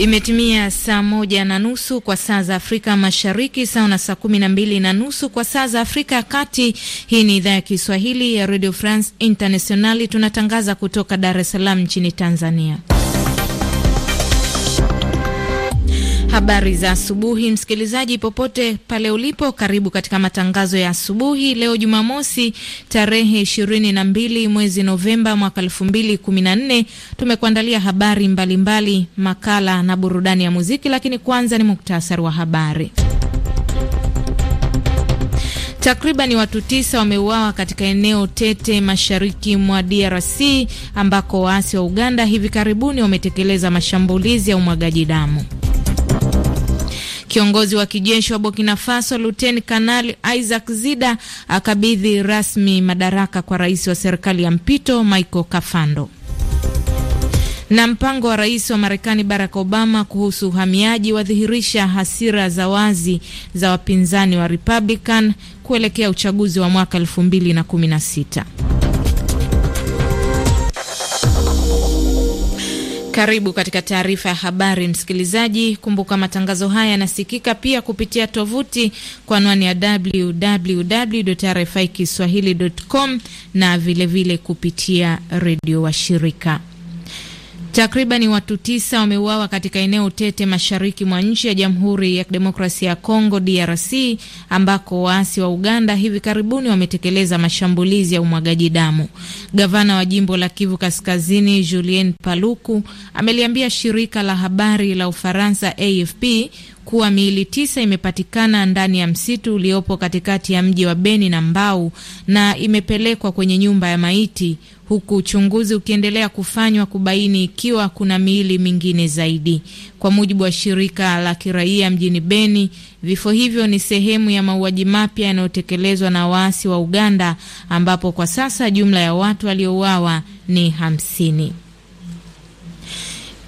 Imetimia saa moja na nusu kwa saa za Afrika Mashariki, sawa na saa kumi na mbili na nusu kwa saa za Afrika ya Kati. Hii ni idhaa ya Kiswahili ya Radio France Internationali, tunatangaza kutoka Dar es Salaam nchini Tanzania. Habari za asubuhi, msikilizaji popote pale ulipo, karibu katika matangazo ya asubuhi leo Jumamosi tarehe 22 mwezi Novemba mwaka 2014. Tumekuandalia habari mbalimbali mbali, makala na burudani ya muziki, lakini kwanza ni muktasari wa habari. Takribani watu tisa wameuawa katika eneo tete mashariki mwa DRC ambako waasi wa Uganda hivi karibuni wametekeleza mashambulizi ya umwagaji damu. Kiongozi wa kijeshi wa Burkina Faso Luteni Kanali Isaac Zida akabidhi rasmi madaraka kwa rais wa serikali ya mpito Michael Kafando na mpango wa rais wa Marekani Barack Obama kuhusu uhamiaji wadhihirisha hasira za wazi za wapinzani wa Republican kuelekea uchaguzi wa mwaka 2016. Karibu katika taarifa ya habari msikilizaji. Kumbuka matangazo haya yanasikika pia kupitia tovuti kwa anwani ya www RFI kiswahili.com na vilevile vile kupitia redio wa shirika Takribani watu tisa wameuawa katika eneo tete mashariki mwa nchi ya Jamhuri ya Kidemokrasia ya Kongo, DRC, ambako waasi wa Uganda hivi karibuni wametekeleza mashambulizi ya umwagaji damu. Gavana wa jimbo la Kivu Kaskazini, Julien Paluku, ameliambia shirika la habari la Ufaransa AFP kuwa miili tisa imepatikana ndani ya msitu uliopo katikati ya mji wa Beni na Mbau na imepelekwa kwenye nyumba ya maiti huku uchunguzi ukiendelea kufanywa kubaini ikiwa kuna miili mingine zaidi. Kwa mujibu wa shirika la kiraia mjini Beni, vifo hivyo ni sehemu ya mauaji mapya yanayotekelezwa na waasi wa Uganda, ambapo kwa sasa jumla ya watu waliouawa ni hamsini.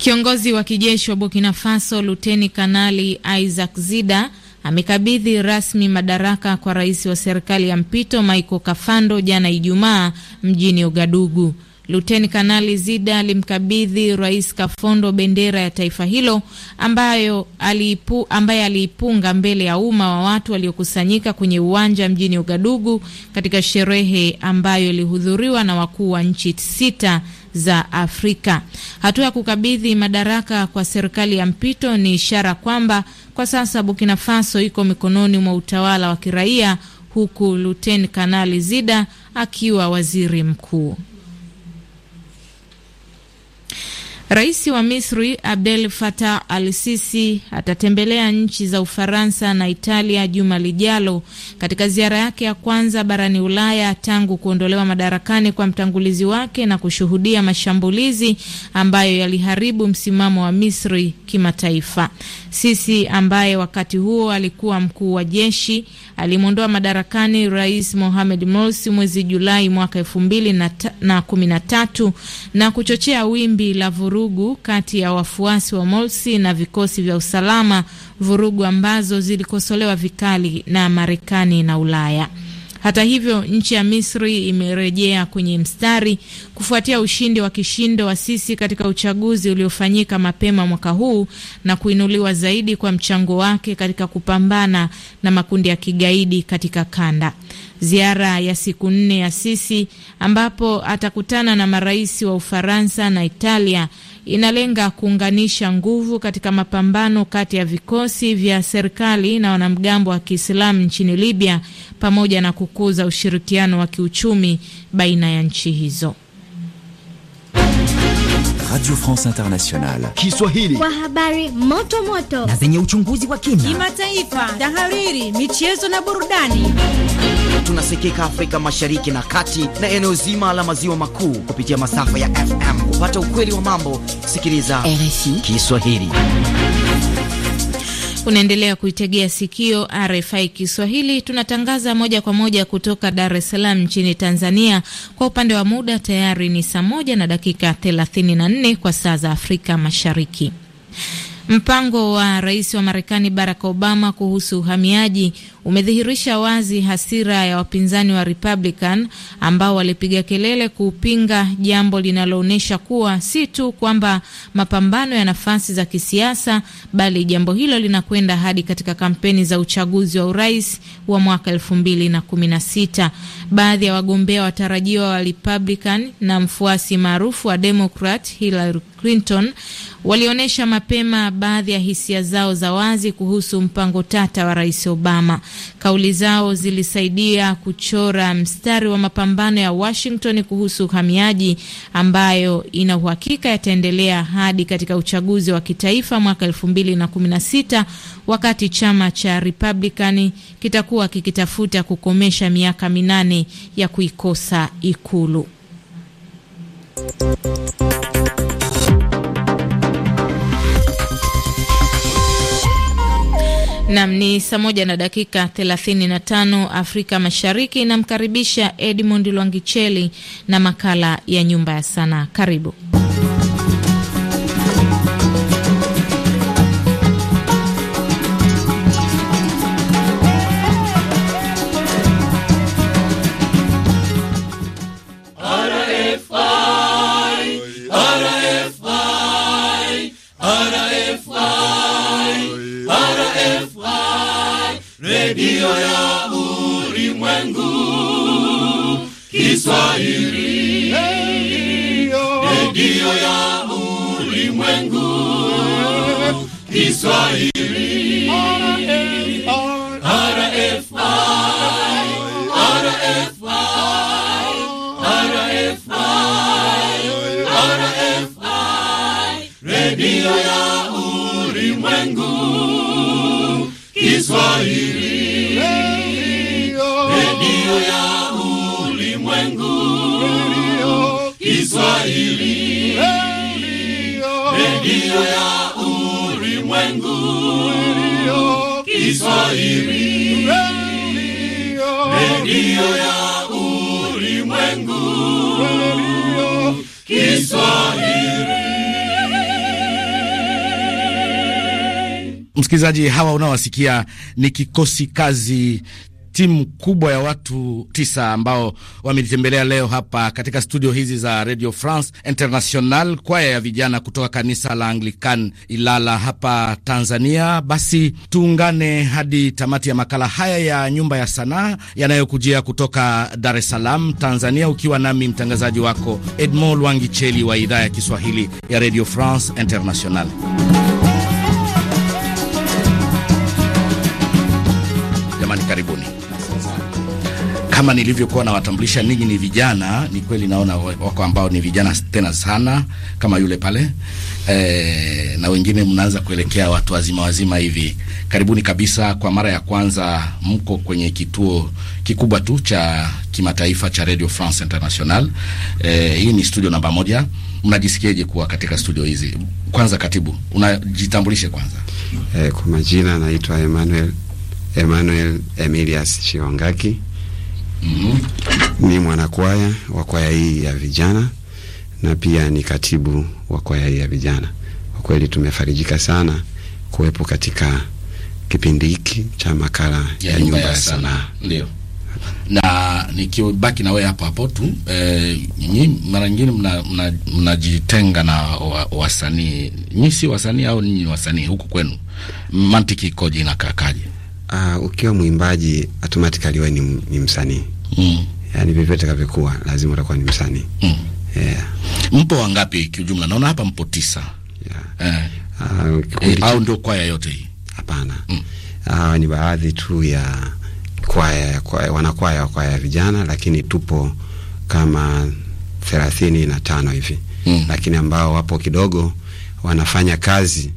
Kiongozi wa kijeshi wa Burkina Faso Luteni Kanali Isaac Zida amekabidhi rasmi madaraka kwa rais wa serikali ya mpito maico Kafando jana Ijumaa mjini Ogadugu. Luteni Kanali Zida alimkabidhi Rais Kafondo bendera ya taifa hilo ambayo alipu, ambaye aliipunga mbele ya umma wa watu waliokusanyika kwenye uwanja mjini Ugadugu katika sherehe ambayo ilihudhuriwa na wakuu wa nchi sita za Afrika. Hatua ya kukabidhi madaraka kwa serikali ya mpito ni ishara kwamba kwa sasa Burkina Faso iko mikononi mwa utawala wa kiraia, huku Luteni Kanali Zida akiwa waziri mkuu. Rais wa Misri Abdel Fattah al-Sisi atatembelea nchi za Ufaransa na Italia juma lijalo katika ziara yake ya kwanza barani Ulaya tangu kuondolewa madarakani kwa mtangulizi wake na kushuhudia mashambulizi ambayo yaliharibu msimamo wa Misri kimataifa. Sisi ambaye wakati huo alikuwa mkuu wa jeshi alimwondoa madarakani Rais Mohamed Morsi mwezi Julai mwaka elfu mbili na, na kumi na tatu na kuchochea wimbi la vurugu kati ya wafuasi wa Morsi na vikosi vya usalama, vurugu ambazo zilikosolewa vikali na Marekani na Ulaya. Hata hivyo, nchi ya Misri imerejea kwenye mstari kufuatia ushindi wa kishindo wa Sisi katika uchaguzi uliofanyika mapema mwaka huu na kuinuliwa zaidi kwa mchango wake katika kupambana na makundi ya kigaidi katika kanda. Ziara ya siku nne ya Sisi ambapo atakutana na marais wa Ufaransa na Italia inalenga kuunganisha nguvu katika mapambano kati ya vikosi vya serikali na wanamgambo wa Kiislamu nchini Libya pamoja na kukuza ushirikiano wa kiuchumi baina ya nchi hizo. Radio France Internationale Kiswahili kwa habari moto moto na zenye uchunguzi wa kina, kimataifa, tahariri, michezo na burudani tunasikika Afrika Mashariki na Kati na eneo zima la maziwa makuu kupitia masafa ya FM. Kupata ukweli wa mambo, sikiliza RFI Kiswahili. Unaendelea kuitegea sikio RFI Kiswahili. Tunatangaza moja kwa moja kutoka Dar es Salaam nchini Tanzania. Kwa upande wa muda tayari ni saa moja na dakika 34 kwa saa za Afrika Mashariki. Mpango wa rais wa Marekani Barack Obama kuhusu uhamiaji umedhihirisha wazi hasira ya wapinzani wa Republican ambao walipiga kelele kuupinga, jambo linaloonyesha kuwa si tu kwamba mapambano ya nafasi za kisiasa, bali jambo hilo linakwenda hadi katika kampeni za uchaguzi wa urais wa mwaka sita. Baadhi ya wagombea watarajiwa wa Republican na mfuasi maarufu wa Democrat Hillary Clinton walionyesha mapema baadhi ya hisia zao za wazi kuhusu mpango tata wa Rais Obama. Kauli zao zilisaidia kuchora mstari wa mapambano ya Washington kuhusu uhamiaji ambayo ina uhakika yataendelea hadi katika uchaguzi wa kitaifa mwaka sita wakati chama cha Republican kitakuwa kikitafuta kukomesha miaka minane ya kuikosa Ikulu. Nam ni saa moja na dakika 35 Afrika Mashariki. Namkaribisha Edmund Lwangicheli na makala ya nyumba ya sanaa. Karibu. Kiswahili ya Kiswahili redio ya ulimwengu Kiswahili redio ya Redio Kiswahili, redio ya ulimwengu, redio Kiswahili. Msikilizaji, hawa unaowasikia ni kikosi kazi timu kubwa ya watu tisa ambao wamenitembelea leo hapa katika studio hizi za Radio France International, kwaya ya vijana kutoka kanisa la Anglican Ilala hapa Tanzania. Basi tuungane hadi tamati ya makala haya ya Nyumba ya Sanaa yanayokujia kutoka Dar es Salaam, Tanzania, ukiwa nami mtangazaji wako Edmond Lwangicheli wa idhaa ya Kiswahili ya Radio France International. kama nilivyokuwa nawatambulisha ninyi ni vijana, ni kweli naona wako ambao ni vijana tena sana kama yule pale e, na wengine mnaanza kuelekea watu wazima wazima hivi. Karibuni kabisa. Kwa mara ya kwanza mko kwenye kituo kikubwa tu cha kimataifa cha Radio France International. E, hii ni studio namba moja. Mnajisikiaje kuwa katika studio hizi? Kwanza katibu, unajitambulishe kwanza. E, kwa majina naitwa Emmanuel Emmanuel Emilias Chiongaki mm -hmm. Ni mwanakwaya wa kwaya hii ya vijana na pia ni katibu wa kwaya hii ya vijana. Kwa kweli tumefarijika sana kuwepo katika kipindi hiki cha makala ya, ya nyumba ya sanaa. Ndio, na nikibaki na wewe hapo hapo tu e, nyinyi mara nyingine mnajitenga mna, mna na wasanii wa nyinyi si wasanii au ninyi wasanii huku kwenu mantiki ikoje kakaji uh, ukiwa mwimbaji automatically wewe ni, ni msanii mm. Yani vyovyote kavyokuwa lazima utakuwa ni msanii mm. yeah. Mpo wangapi kiujumla? Naona hapa mpo tisa yeah. eh. Uh, au ndio kwaya yote hii? Hapana mm. uh, ni baadhi tu ya kwaya, kwaya wanakwaya wa kwaya ya vijana, lakini tupo kama thelathini na tano hivi mm. Lakini ambao wapo kidogo wanafanya kazi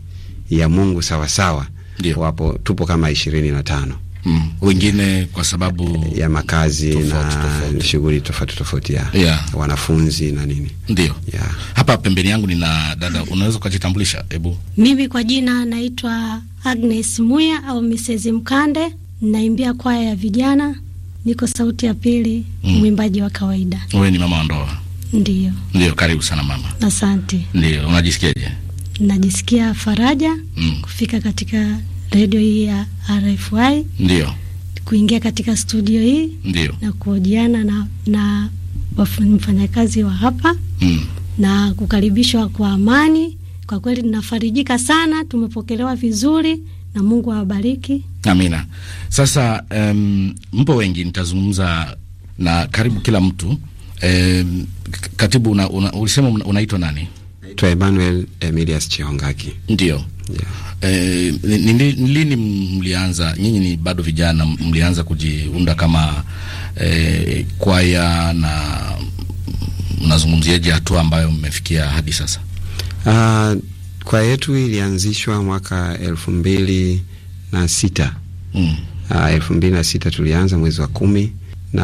ya Mungu sawasawa sawa. Ndiyo. Wapo tupo kama ishirini na tano mm. Wengine kwa sababu ya makazi tofauti, na tofauti, shughuli tofauti tofauti ya yeah. wanafunzi na nini ndio yeah. Hapa pembeni yangu nina dada, unaweza ukajitambulisha hebu? Mimi kwa jina naitwa Agnes Muya au Mrs Mkande, naimbia kwaya ya vijana, niko sauti ya pili, mm. mwimbaji wa kawaida. Wewe ni mama wa ndoa? Ndio. Ndio, karibu sana mama. Asante. Ndio, unajisikiaje? najisikia faraja mm. kufika katika redio hii ya RFI ndio kuingia katika studio hii ndio na kuojiana na, na mfanyakazi wa hapa mm. na kukaribishwa kwa amani. Kwa kweli ninafarijika sana, tumepokelewa vizuri na Mungu awabariki. Amina. Sasa um, mpo wengi, nitazungumza na karibu kila mtu um, katibu una, una, ulisema unaitwa nani? Naitwa Emmanuel Emilias Chiongaki. Ndio. E, lini mlianza nyinyi? Ni bado vijana, mlianza kujiunda kama eh, kwaya na mnazungumziaje hatua ambayo mmefikia hadi sasa? Uh, kwaya yetu ilianzishwa mwaka elfu mbili na sita. Mm. Uh, elfu mbili na sita tulianza mwezi wa kumi na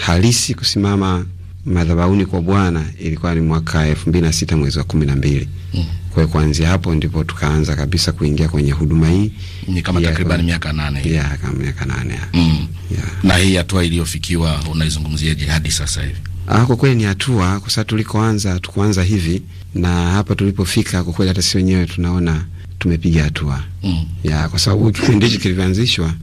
halisi kusimama madhabahuni kwa Bwana ilikuwa ni mwaka elfu mbili na sita mwezi wa kumi na mbili. Mm. Kwa kuanzia hapo ndipo tukaanza kabisa kuingia kwenye huduma hii. Ni kama takriban miaka nane. Ya, kama miaka nane. Mm. Na hii hatua iliyofikiwa unaizungumziaje hadi sasa hivi? Ah, kwa kweli ni hatua kwa sababu tulikoanza tukuanza hivi na hapa tulipofika kwa kweli hata sisi wenyewe tunaona tumepiga hatua. Mm. Ya, kwa sababu kipindi hiki kilianzishwa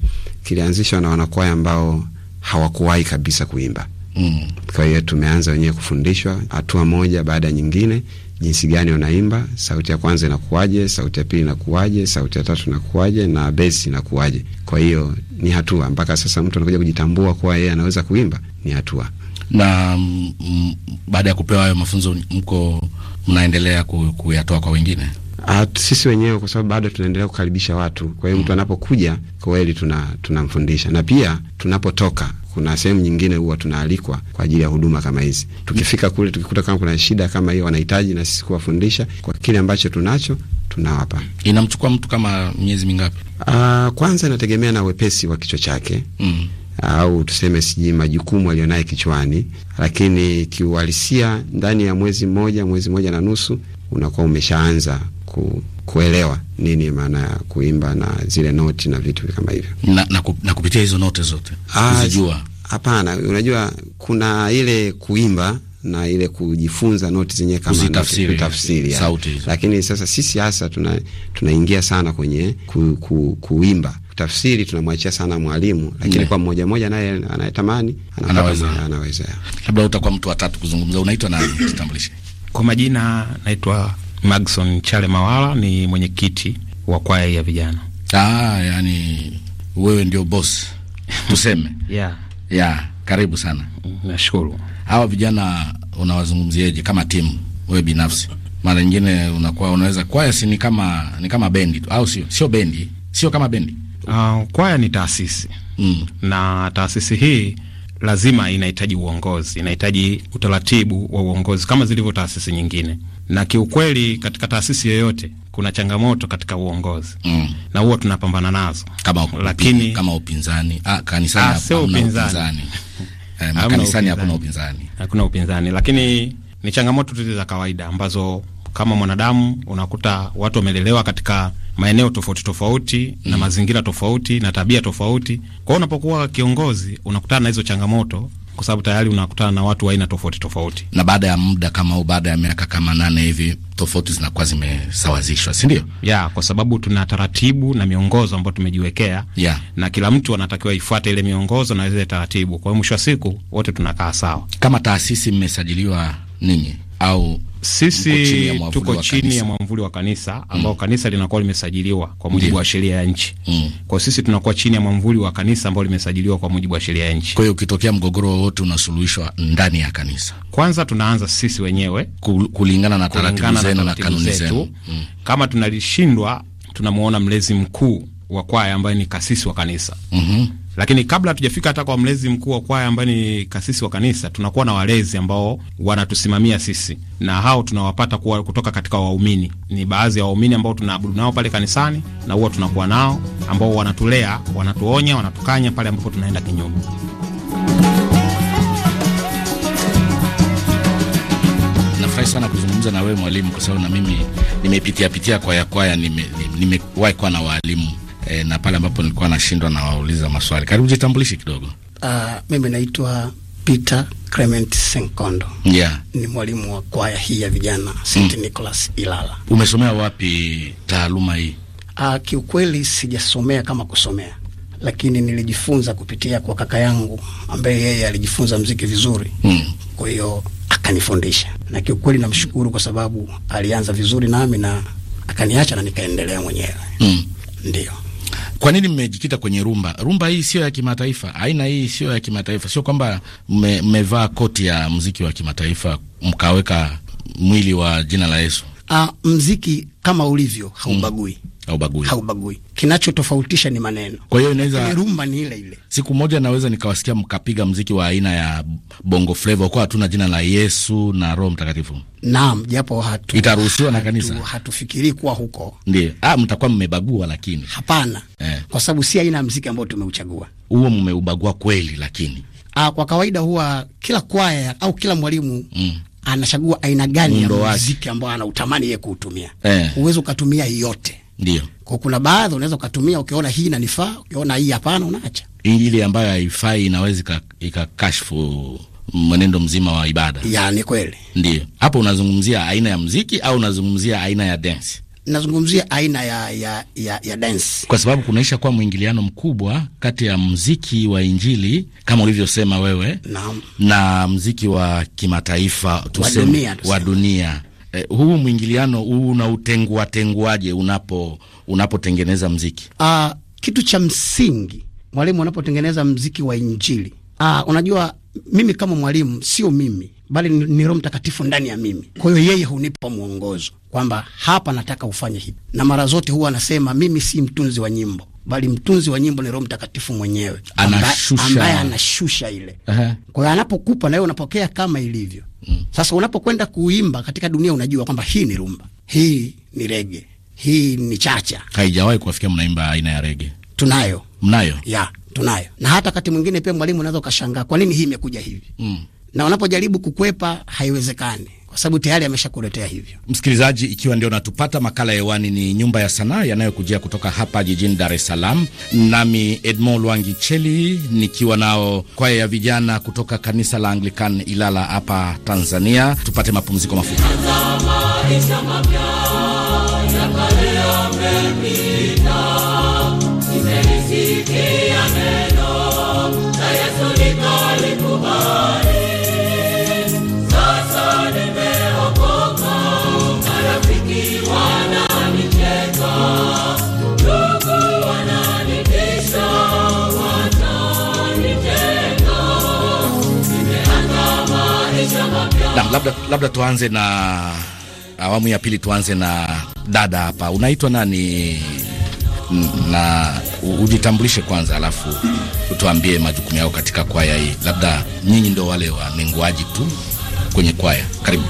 kilianzishwa na wanakwaya ambao hawakuwahi kabisa kuimba. Mm. Kwa hiyo tumeanza wenyewe kufundishwa hatua moja baada ya nyingine, jinsi gani wanaimba sauti ya kwanza inakuwaje, sauti ya pili inakuwaje, sauti ya tatu inakuwaje na besi inakuwaje. Kwa hiyo ni hatua mpaka sasa mtu anakuja kujitambua kuwa yeye anaweza kuimba, ni hatua. Na mm, mm, baada ya kupewa hayo mafunzo, mko mnaendelea kuyatoa kwa wengine? At, ah, sisi wenyewe kwa sababu bado tunaendelea kukaribisha watu. Kwa hiyo mtu mm. anapokuja kweli tunamfundisha, tuna na pia tunapotoka kuna sehemu nyingine huwa tunaalikwa kwa ajili ya huduma kama hizi. Tukifika kule, tukikuta kama kuna shida kama hiyo, wanahitaji na sisi kuwafundisha kwa kile ambacho tunacho tunawapa. Inamchukua mtu kama miezi mingapi? Aa, ah, kwanza inategemea na wepesi wa kichwa chake mm au tuseme sijui majukumu aliyonaye kichwani, lakini kiuhalisia ndani ya mwezi mmoja, mwezi mmoja na nusu unakuwa umeshaanza ku kuelewa nini maana ya kuimba na zile noti na vitu kama hivyo na, na, ku, na kupitia hizo note zote ah, kuzijua. Hapana, unajua kuna ile kuimba na ile kujifunza noti zenyewe kama tafsiri, lakini sasa sisi hasa tunaingia tuna sana kwenye ku, ku, kuimba tafsiri tunamwachia sana mwalimu, lakini yeah. Kwa mmoja mmoja naye anayetamani anaweza, anaweza. Labda utakuwa mtu wa tatu kuzungumza. Unaitwa nani? Tutambulishe kwa majina. Naitwa Magson Chale Mawala ni mwenyekiti wa kwaya ya vijana. Ah, yani wewe ndio boss tuseme. yeah. Yeah, karibu sana. Nashukuru. Hawa vijana unawazungumziaje kama timu wewe binafsi? Mara nyingine unakuwa unaweza kwaya si ni kama ni kama bendi tu au sio? Sio bendi, sio kama bendi. Uh, kwaya ni taasisi. Mm. Na taasisi hii lazima inahitaji uongozi, inahitaji utaratibu wa uongozi kama zilivyo taasisi nyingine. Na kiukweli, katika taasisi yoyote kuna changamoto katika uongozi mm. na huwa tunapambana nazo kama upinzani, lakini kama upinzani ah, kanisani ah, eh, hakuna upinzani, kanisani hakuna upinzani, hakuna upinzani, lakini ni changamoto tu za kawaida ambazo kama mwanadamu unakuta watu wamelelewa katika maeneo tofauti tofauti mm. na mazingira tofauti na tabia tofauti. Kwa hiyo unapokuwa kiongozi unakutana na hizo changamoto kwa sababu tayari unakutana na watu wa aina tofauti tofauti, na baada ya muda kama au baada ya miaka kama nane hivi tofauti zinakuwa zimesawazishwa, si ndio? Yeah, kwa sababu tuna taratibu na miongozo ambayo tumejiwekea yeah. na kila mtu anatakiwa ifuate ile miongozo na zile taratibu. Kwa hiyo mwisho wa siku wote tunakaa sawa. Kama taasisi mmesajiliwa ninyi au sisi tuko chini ya mwamvuli wa kanisa mm. ambao mm. kanisa linakuwa limesajiliwa kwa mujibu yeah. wa sheria ya nchi mm. Kwa sisi tunakuwa chini ya mwamvuli wa kanisa ambao limesajiliwa kwa mujibu wa sheria ya nchi. Kwa hiyo ukitokea mgogoro wowote unasuluhishwa ndani ya kanisa. Kwanza tunaanza sisi wenyewe kulingana na taratibu zenu na kanuni zetu Mm. Kama tunalishindwa tunamuona mlezi mkuu wa kwaya ambaye ni kasisi wa kanisa. mm -hmm. Lakini kabla hatujafika hata kwa mlezi mkuu wa kwaya ambaye ni kasisi wa kanisa, tunakuwa na walezi ambao wanatusimamia sisi, na hao tunawapata kuwa kutoka katika waumini. Ni baadhi ya waumini ambao tunaabudu nao pale kanisani, na huwa tunakuwa nao ambao wanatulea, wanatuonya, wanatukanya pale ambapo tunaenda kinyume. Nafurahi sana kuzungumza na wewe mwalimu, kwa sababu na mimi nimepitia pitia kwaya kwaya, nimewahi kuwa na waalimu e, na pale ambapo nilikuwa nashindwa nawauliza maswali. Karibu jitambulishe kidogo. Uh, mimi naitwa Peter Clement Senkondo. Yeah. Ni mwalimu wa kwaya hii ya vijana St. Mm. Nicholas Ilala. Umesomea wapi taaluma hii? Uh, kiukweli sijasomea kama kusomea, lakini nilijifunza kupitia kwa kaka yangu ambaye yeye alijifunza mziki vizuri. Mm. Kwa hiyo akanifundisha. Na kiukweli namshukuru kwa sababu alianza vizuri nami na akaniacha na nikaendelea mwenyewe. Mm. Ndio. Kwa nini mmejikita kwenye rumba? Rumba hii sio ya kimataifa, aina hii sio ya kimataifa. Sio kwamba mmevaa koti ya mziki wa kimataifa mkaweka mwili wa jina la Yesu. Uh, ah, mziki kama ulivyo haubagui mm haubagui, haubagui. Kinachotofautisha ni maneno. Kwa hiyo inaweza rumba ni ile ile. Siku moja naweza nikawasikia mkapiga mziki wa aina ya bongo flava kwa hatuna jina la Yesu na Roho Mtakatifu. Naam, japo hatu itaruhusiwa na kanisa, hatufikirii kuwa huko ndio ah, mtakuwa mmebagua, lakini hapana eh, kwa sababu si aina ya mziki ambayo tumeuchagua huo, mmeubagua kweli, lakini ah, kwa kawaida huwa kila kwaya au kila mwalimu mm anachagua aina gani ya muziki ambao anautamani yeye kuutumia. Uwezo eh, ukatumia yote ndio. Kwa kuna baadhi unaweza ukatumia ukiona hii inanifaa, ukiona hii hapana unaacha. Ile ambayo haifai inaweza ikakashfu mwenendo mzima wa ibada. Ya ni kweli. Ndio. Hapo unazungumzia aina ya mziki au unazungumzia aina ya dance? Nazungumzia aina ya, ya, ya, ya dance. Kwa sababu kunaisha kuwa mwingiliano mkubwa kati ya mziki wa Injili kama ulivyosema wewe na, na mziki wa kimataifa tuseme wa dunia eh, huu mwingiliano huu utengua tenguaje unapo unapotengeneza mziki? Uh, kitu cha msingi mwalimu, unapotengeneza mziki wa Injili uh, unajua mimi kama mwalimu sio mimi bali ni, ni Roho Mtakatifu ndani ya mimi. Kwa hiyo yeye hunipa mwongozo kwamba hapa nataka ufanye hivi, na mara zote huwa anasema mimi si mtunzi wa nyimbo bali mtunzi wa nyimbo ni Roho Mtakatifu mwenyewe ambaye anashusha ile. Kwa hiyo anapokupa na wewe unapokea kama ilivyo. Mm. Sasa unapokwenda kuimba katika dunia, unajua kwamba hii ni rumba, hii ni rege, hii ni chacha. Haijawahi kuwafikia mnaimba aina ya rege? Tunayo, mnayo ya tunayo, na hata wakati mwingine pia mwalimu, unaweza ukashangaa kwa nini hii imekuja hivi. Mm. na unapojaribu kukwepa haiwezekani kwa sababu tayari ameshakuletea hivyo. Msikilizaji, ikiwa ndio natupata, makala ya hewani ni Nyumba ya Sanaa yanayokujia kutoka hapa jijini Dar es Salaam, nami Edmond Lwangi Cheli nikiwa nao kwaya ya vijana kutoka kanisa la Anglican Ilala hapa Tanzania. Tupate mapumziko mafupi. labda, labda tuanze na awamu ya pili, tuanze na dada hapa. Unaitwa nani na ujitambulishe kwanza, alafu utuambie majukumu yao katika kwaya hii. Labda nyinyi ndio wale wanenguaji tu kwenye kwaya. Karibu.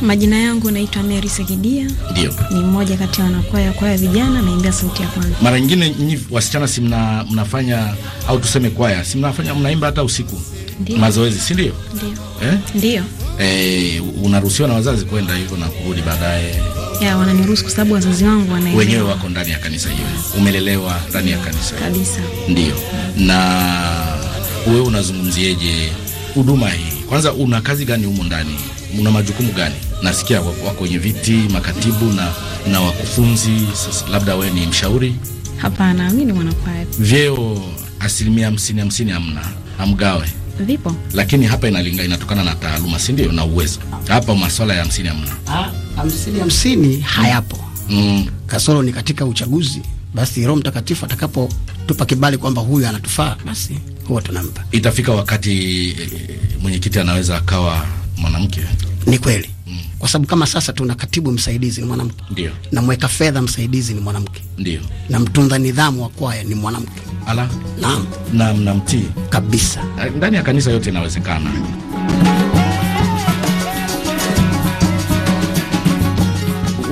Majina yangu naitwa Mary Segidia. Ndio. Ni mmoja kati ya wanakwaya kwaya vijana naimbia sauti ya kwanza. Mara nyingine nyinyi wasichana si mna, mnafanya au tuseme kwaya si mnafanya mnaimba hata usiku? Ndiyo. mazoezi si ndio? Ndio. Eh? Ndio. Eh, unaruhusiwa na wazazi kwenda hivyo na kurudi baadaye? Ya, wananiruhusu kwa sababu wazazi wangu wanaelewa. Wenyewe wako ndani ya kanisa hiyo. Umelelewa ndani ya kanisa ndio Kabisa. Ndiyo. Na wewe unazungumzieje huduma hii? Kwanza una kazi gani humo ndani? Una majukumu gani? Nasikia wako wenye viti, makatibu na na wakufunzi. Sasa labda wewe ni mshauri? Hapana, mimi ni mwanakwaya. Vyeo asilimia hamsini hamsini hamna, amgawe vipo, lakini hapa inalinga, inatokana na taaluma, si ndio, na uwezo. Hapa masuala ya hamsini hamna, hamsini hamsini hayapo mm. Kasoro ni katika uchaguzi, basi Roho Mtakatifu atakapotupa kibali kwamba huyu anatufaa, basi huwa tunampa. Itafika wakati eh, mwenyekiti anaweza akawa mwanamke ni kweli mm. Kwa sababu kama sasa tuna katibu msaidizi ni mwanamke ndio, na mweka fedha msaidizi ni mwanamke ndio, na mtunza nidhamu wa kwaya ni mwanamke. Ala, naam na mnamtii kabisa. Eh, ndani ya kanisa yote inawezekana.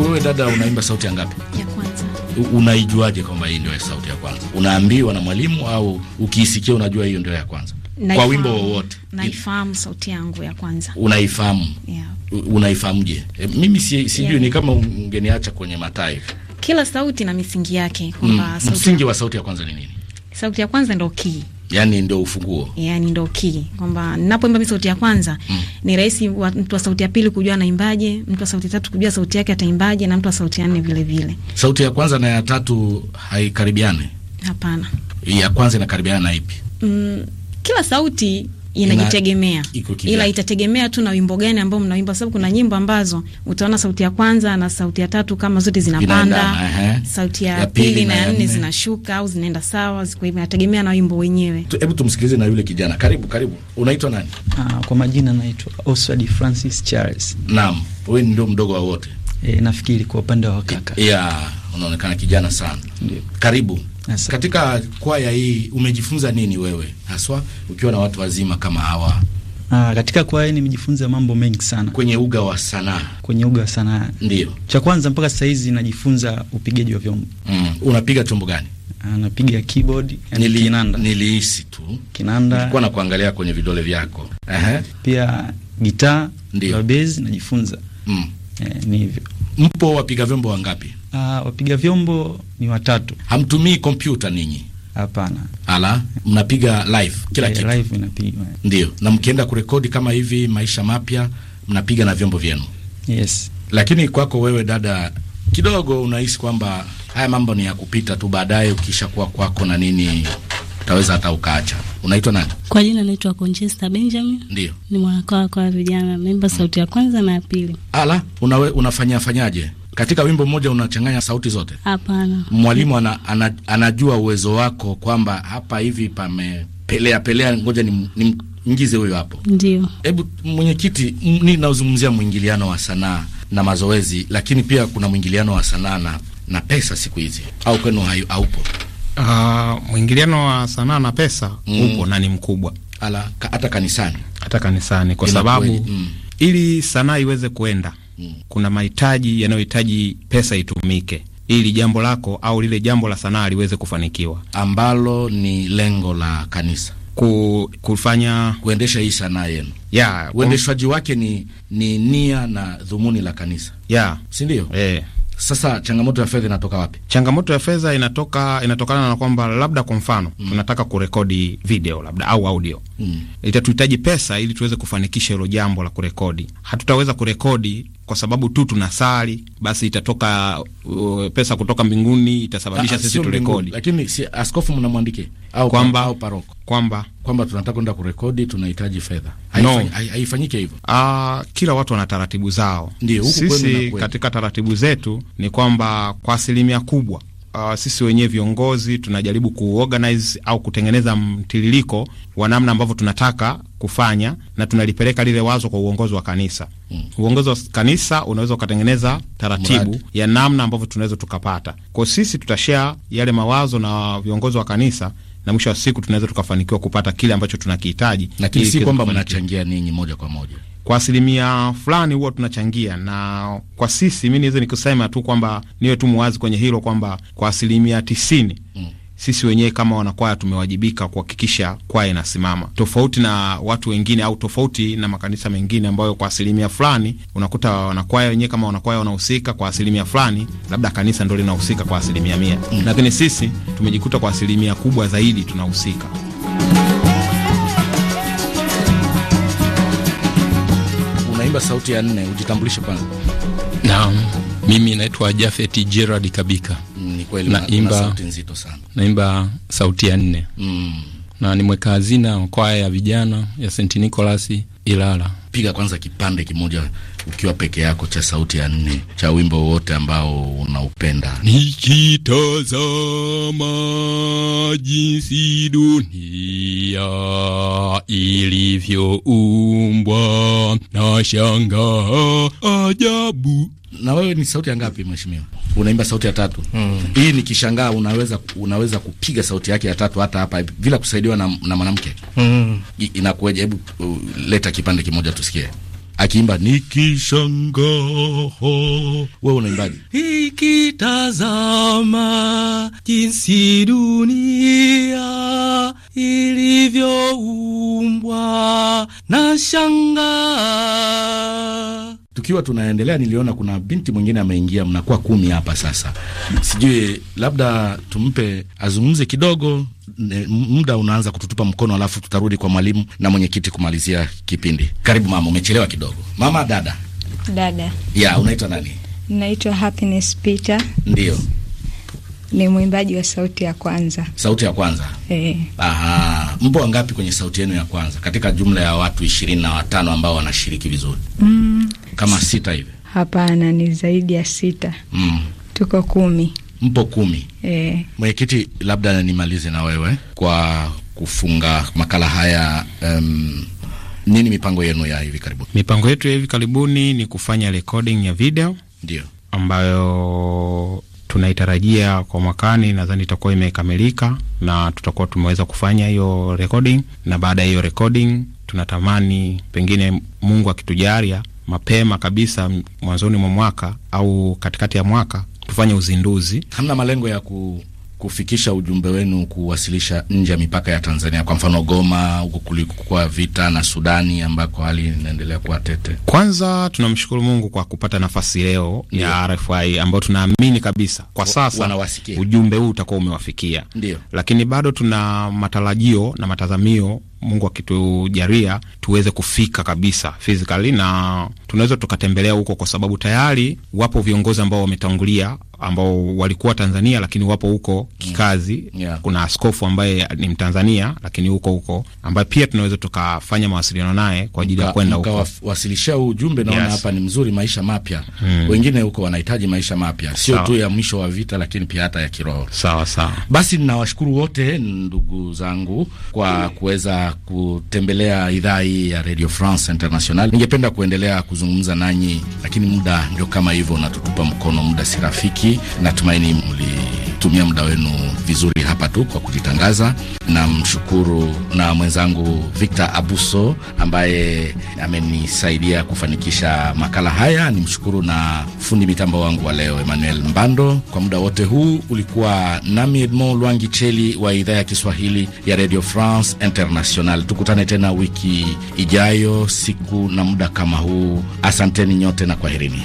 Wewe dada, unaimba sauti ya ngapi? Ya kwanza. Unaijuaje kwamba hii ndio sauti ya kwanza? Unaambiwa na mwalimu au ukiisikia unajua hiyo ndio ya kwanza? Naifamu, kwa wimbo wowote. Naifahamu sauti yangu ya kwanza. Unaifahamu? Yeah. Unaifahamuje? E, mimi si, sijui yeah. Ni kama ungeniacha kwenye matai. Kila sauti na misingi yake mm, kwamba mm. Sauti... msingi wa sauti ya kwanza ni nini? Sauti ya kwanza ndio key. Yaani ndio ufunguo. Yaani ndio key. Kwamba ninapoimba mimi sauti ya kwanza mm. ni rahisi mtu wa sauti ya pili kujua anaimbaje, mtu wa sauti ya tatu kujua sauti yake ataimbaje na mtu wa sauti ya nne vile vile. Sauti ya kwanza na ya tatu haikaribiane? Hapana. Ya kwanza inakaribiana na ipi? Mm, kila sauti inajitegemea ila itategemea tu na wimbo gani ambao mnaimba, sababu kuna nyimbo ambazo utaona sauti ya kwanza na sauti ya tatu kama zote zinapanda, sauti ya, ya pili na ya nne zinashuka au zinaenda sawa. Kwa hivyo inategemea na wimbo wenyewe. Hebu tumsikilize na yule kijana. Karibu, karibu. Unaitwa nani? Aa, ah, kwa majina naitwa Oswald Francis Charles. Naam, wewe ndio mdogo wa wote. E, nafikiri kwa upande wa kaka. Yeah, unaonekana kijana sana. Ndiyo. Karibu. Asante. Katika kwaya hii umejifunza nini wewe haswa ukiwa na watu wazima kama hawa? Ah, katika kwaya nimejifunza mambo mengi sana kwenye uga wa sanaa. Kwenye uga wa sanaa ndio cha kwanza, mpaka sasa hizi najifunza upigaji wa vyombo. Mm. Unapiga chombo gani? Anapiga ah, keyboard yani Nili, kinanda. Nilihisi tu kinanda, nilikuwa nakuangalia kwenye vidole vyako. Aha. Pia gitaa na bass najifunza. Mm. Eh, ni hivyo. Mpo wapiga vyombo wangapi? Uh, wapiga vyombo ni watatu. Hamtumii kompyuta ninyi? Hapana. Ala, mnapiga live kila yeah, kitu live inapigwa. Ndio, na mkienda kurekodi kama hivi maisha mapya mnapiga na vyombo vyenu? Yes. Lakini kwako wewe dada, kidogo unahisi kwamba haya mambo ni ya kupita tu, baadaye ukishakuwa kwako na nini utaweza hata ukaacha. Unaitwa nani? Kwa jina naitwa Conchester Benjamin. Ndio, ni mwanakoa kwa vijana, naimba sauti ya kwanza na ya pili. Ala, unawe, unafanya fanyaje? katika wimbo mmoja unachanganya sauti zote? Hapana. Mwalimu ana, ana, anajua uwezo wako kwamba hapa hivi pamepelea pelea, ngoja ni, ingize huyo hapo. Ndio. Hebu mwenyekiti, ninazungumzia mwingiliano wa sanaa na mazoezi, lakini pia kuna mwingiliano wa sanaa na, na pesa siku hizi, au kwenu haupo? Uh, mwingiliano wa sanaa na pesa mm. upo na ni mkubwa, hata ka, kanisani hata kanisani kwa Ina sababu mm. ili sanaa iweze kuenda kuna mahitaji yanayohitaji pesa itumike ili jambo lako au lile jambo la sanaa liweze kufanikiwa, ambalo ni lengo la kanisa ku, kufanya kuendesha hii sanaa yenu. Yeah, uendeshwaji wake ni, ni nia na dhumuni la kanisa. Yeah, si ndio? Eh. Sasa changamoto ya fedha inatoka wapi? Changamoto ya fedha inatoka inatokana na kwamba labda kwa mfano mm. tunataka kurekodi video labda au audio mm. itatuhitaji pesa ili tuweze kufanikisha hilo jambo la kurekodi. Hatutaweza kurekodi kwa sababu tu tunasali, basi itatoka uh, pesa kutoka mbinguni itasababisha ah, ah, sisi turekodi, lakini si askofu mnamwandike au kwamba au paroko kwamba kwamba tunataka kwenda kurekodi, tunahitaji fedha. Haifanyike no. hivyo. Ah, kila watu wana taratibu zao. Ndio, huku sisi katika taratibu zetu ni kwamba kwa asilimia kubwa Uh, sisi wenyewe viongozi tunajaribu kuorganize au kutengeneza mtiririko wa namna ambavyo tunataka kufanya na tunalipeleka lile wazo kwa uongozi wa kanisa. Mm. Uongozi wa kanisa unaweza ukatengeneza taratibu Murad. ya namna ambavyo tunaweza tukapata. Kwa sisi tutashare yale mawazo na viongozi wa kanisa na mwisho wa siku tunaweza tukafanikiwa kupata kile ambacho tunakihitaji, lakini si kwamba mnachangia ninyi moja kwa moja. Kwa asilimia fulani huwa tunachangia, na kwa sisi, mi niweze nikusema tu kwamba niwe tu muwazi kwenye hilo kwamba kwa asilimia tisini mm sisi wenyewe kama wanakwaya tumewajibika kuhakikisha kwaya inasimama, tofauti na watu wengine au tofauti na makanisa mengine ambayo kwa asilimia fulani unakuta wanakwaya wenyewe kama wanakwaya wanahusika kwa asilimia fulani, labda kanisa ndo linahusika kwa asilimia mia, mm. lakini sisi tumejikuta kwa asilimia kubwa zaidi tunahusika. Unaimba sauti ya nne, ujitambulishe kwanza. Naam, mimi naitwa Jafeti Gerard Kabika ni kweli naimba sauti nzito sana, naimba sauti ya nne mm. na ni mweka hazina wa kwaya ya vijana ya St Nicholas Ilala. Piga kwanza kipande kimoja ukiwa peke yako cha sauti ya nne cha wimbo wote ambao unaupenda. Nikitazama jinsi dunia ilivyoumbwa na shangaa ajabu na wewe ni sauti ya ngapi mheshimiwa? Unaimba sauti ya tatu. Mm. Hii kishangaa, unaweza unaweza kupiga sauti yake ya tatu hata hapa bila kusaidiwa na, na mwanamke. Mm. Inakuwaje? Hebu uh, leta kipande kimoja tusikie. Akiimba nikishangaa, wewe unaimbaje? Ikitazama jinsi dunia ilivyoumbwa na shangaa Tukiwa tunaendelea, niliona kuna binti mwingine ameingia, mnakuwa kumi hapa sasa. Sijui labda tumpe azungumze kidogo, muda unaanza kututupa mkono, alafu tutarudi kwa mwalimu na mwenyekiti kumalizia kipindi. Karibu mama, umechelewa kidogo. Mama dada dada, ya unaitwa nani? Naitwa Happiness Peter. Ndio, ni mwimbaji wa Sauti ya Kwanza. Sauti ya Kwanza eh? Aha, mpo wangapi kwenye Sauti yenu ya Kwanza katika jumla ya watu ishirini na watano ambao wanashiriki vizuri? mm, kama sita hivi? Hapana, ni zaidi ya sita. Mm. Tuko kumi. Mpo kumi. E. Mwenyekiti, labda nimalize na wewe kwa kufunga makala haya um, nini mipango yenu ya hivi karibuni? Mipango yetu ya hivi karibuni ni kufanya recording ya video ndio ambayo tunaitarajia kwa mwakani, nadhani itakuwa imekamilika na tutakuwa tumeweza kufanya hiyo recording, na baada ya hiyo recording tunatamani pengine Mungu akitujalia mapema kabisa mwanzoni mwa mwaka au katikati ya mwaka tufanye uzinduzi. Hamna malengo ya ku kufikisha ujumbe wenu kuwasilisha nje ya mipaka ya Tanzania, kwa mfano Goma, huko kulikuwa vita na Sudani ambako hali inaendelea kuwa tete. Kwanza tunamshukuru Mungu kwa kupata nafasi leo ya RFI ambayo tunaamini kabisa kwa sasa ujumbe huu utakuwa umewafikia. Ndiyo. Lakini bado tuna matarajio na matazamio Mungu akitujalia tuweze kufika kabisa physically, na tunaweza tukatembelea huko, kwa sababu tayari wapo viongozi ambao wametangulia ambao walikuwa Tanzania lakini wapo huko mm. kikazi. Yeah. Kuna askofu ambaye ni Mtanzania lakini huko huko ambaye pia tunaweza tukafanya mawasiliano naye kwa ajili ya kwenda huko huu ujumbe. Naona yes. Hapa ni mzuri, maisha mapya hmm. Wengine huko wanahitaji maisha mapya, sio tu ya mwisho wa vita, lakini pia hata ya kiroho. Sawa sawa, basi ninawashukuru wote ndugu zangu kwa kuweza kutembelea idhaa hii ya Radio France International. Ningependa kuendelea kuzungumza nanyi, lakini muda ndio kama hivyo unatutupa mkono, muda si rafiki. Natumaini mlitumia muda wenu vizuri hapa tu kwa kujitangaza. Namshukuru na mwenzangu Victor Abuso ambaye amenisaidia kufanikisha makala haya. Nimshukuru na fundi mitambo wangu wa leo Emmanuel Mbando. Kwa muda wote huu ulikuwa nami Edmond Lwangi Cheli wa idhaa ya Kiswahili ya Radio France International. International. Tukutane tena wiki ijayo, siku na muda kama huu. Asanteni nyote na kwaherini.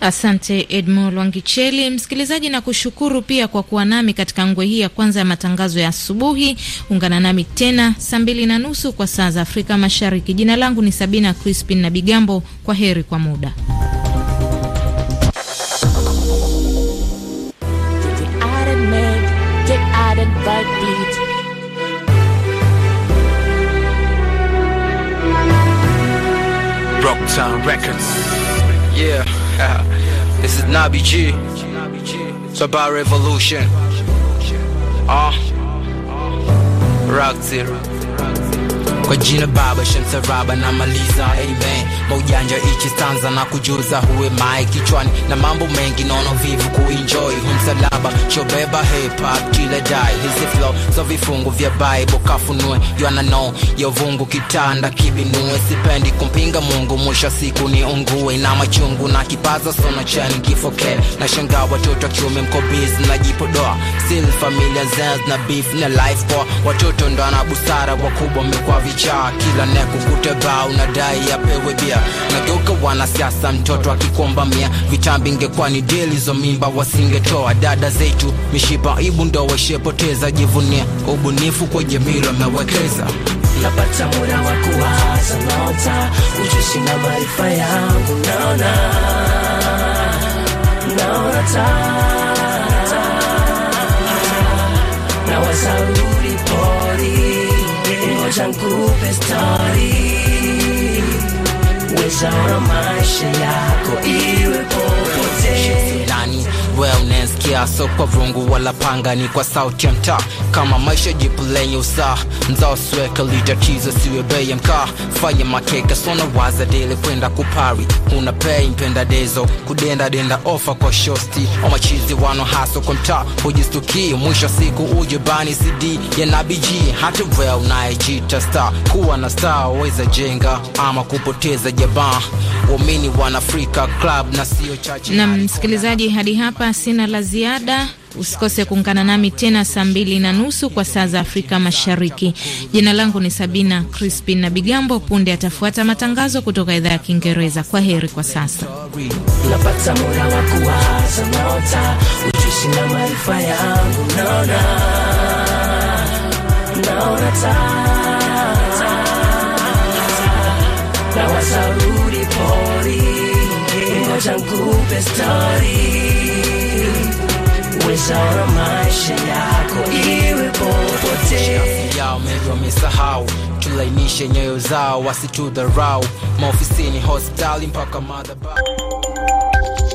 Asante Edmond Lwangicheli. Msikilizaji, na kushukuru pia kwa kuwa nami katika ngwe hii ya kwanza ya matangazo ya asubuhi. Ungana nami tena saa mbili na nusu kwa saa za Afrika Mashariki. Jina langu ni Sabina Crispin na Bigambo. Kwa heri kwa muda. heartbeat. Rocktown Records. Yeah, this is Nabi G. It's about revolution. Ah, uh, Rock Zero. kwa jina Baba Shemsaraba na maliza hey amen. ujanja ichi stanza na kujuza huwe mae kichwani na mambo mengi nono vivu kuenjoy humsalaba chobeba hip hop kila dai hizi flow so vifungu vya Bible kafunue ywana no ya vungu kitanda kibinue. Sipendi kumpinga Mungu, mwisha siku ni ungue na machungu na kipaza sona chani kifoke na shangaa watoto kiume mko busy na jipodoa still familia zens na beef na life kwa watoto ndo ana busara wakubwa mekwa vijana cha kila nekukute baa unadai apewe bia nageuka wanasiasa mtoto akikomba mia vichambi ingekwani deli zo mimba wasingetoa dada zetu mishipa ibu ndo washepoteza jivunia ubunifu kwenye milo amewekeza napata muda wa kuwaza nota ujuzi na maarifa yangu naona naona ta nawaza ngoja nikupe stori wezara maisha yako iwe popote wellness kia so kwa vungu wala panga ni kwa sauti ya mtaa kama maisha jipu lenye usaa nzaosweka chizo siwe bei ya mkaa fanya makeka sona waza dele kwenda kupari una pei mpenda dezo kudenda denda ofa kwa shosti omachizi wano haso kwa mta hujistukii mwisho siku uje bani cd ya nabiji hata vel nayejita star kuwa na star weza jenga ama kupoteza jaba wamini wanafrika club na sio chache na msikilizaji hadi hapa sina la ziada. Usikose kuungana nami tena saa mbili na nusu kwa saa za Afrika Mashariki. Jina langu ni Sabina Crispin na Bigambo. Punde atafuata matangazo kutoka idhaa ya Kiingereza. Kwa heri kwa sasa kuweza maisha yako iwe popote. Yao mengi wamesahau, tulainishe nyoyo zao, wasitudharau maofisini, hospitali mpaka madhabahu.